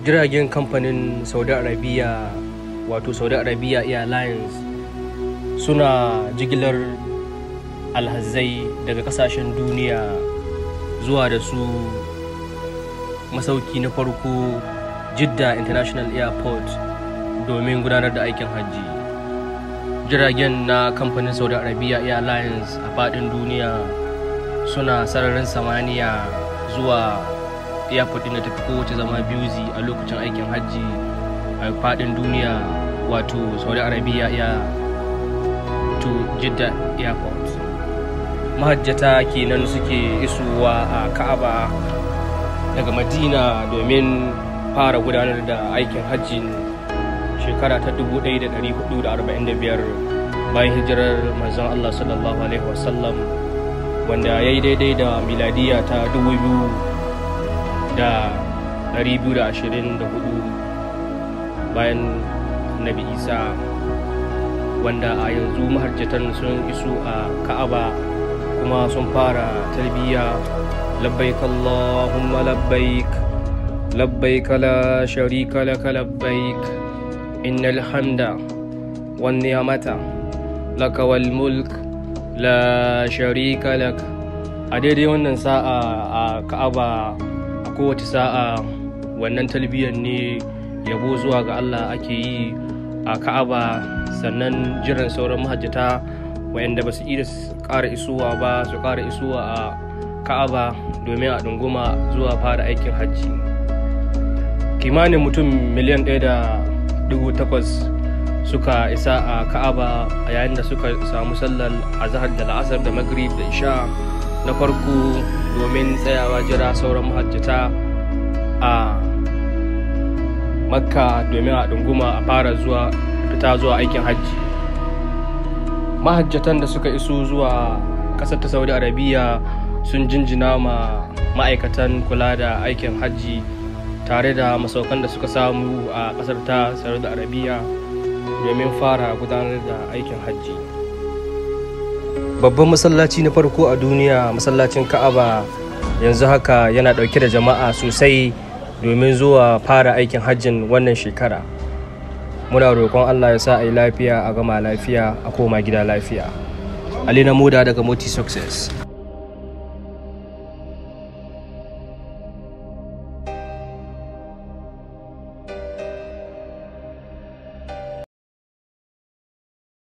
jiragen kamfanin saudi arabia wato saudi arabia airlines suna jigilar alhazai daga kasashen duniya zuwa da su masauki na farko jidda international airport domin gudanar da aikin hajji jiragen na kamfanin saudi arabia airlines a fadin duniya suna sararin samaniya zuwa airport din da tafi kowace zama busy a lokacin aikin hajji a fadin duniya wato saudi arabia ya to jidda airport mahajjata kenan suke isuwa a ka'aba daga madina domin fara gudanar da aikin hajjin shekara ta 1445 bayan hijirar manzon Allah sallallahu Alaihi wasallam wanda ya yi daidai da miladiya ta dubu biyu da 224 bayan nabi isa wanda a yanzu mahajjatan sun iso a ka'aba kuma sun fara talbiya labbaik allahumma labbaik labbaik la sharika laka labbaik innal hamda wan ni'mata laka wal mulk la sharika kala. a daidai wannan sa'a a ka'aba kowace sa'a wannan talbiyan ne yabo zuwa ga allah ake yi a ka'aba sannan jiran sauran mahajjata wayanda ba su iya ƙara isuwa ba su ƙara isuwa a ka'aba domin a ɗunguma zuwa fara aikin hajji kimanin mutum miliyan ɗaya da dubu takwas suka isa a ka'aba a yayin da suka samu sallar azahar da la'asar da magrib da isha na farko domin tsayawa jira sauran mahajjata a makka domin a ɗunguma a fara zuwa fita zuwa aikin hajji mahajjatan da suka iso zuwa ƙasar ta saudi arabiya sun jinjina ma ma'aikatan kula da aikin hajji tare da masaukan da suka samu a ƙasar ta saudi arabiya domin fara gudanar da aikin hajji babban masallaci na farko a duniya masallacin ka'aba yanzu haka yana ɗauke da jama'a sosai domin zuwa fara aikin hajjin wannan shekara muna roƙon allah ya sa a yi lafiya a gama lafiya a koma gida lafiya ali na muda daga multi success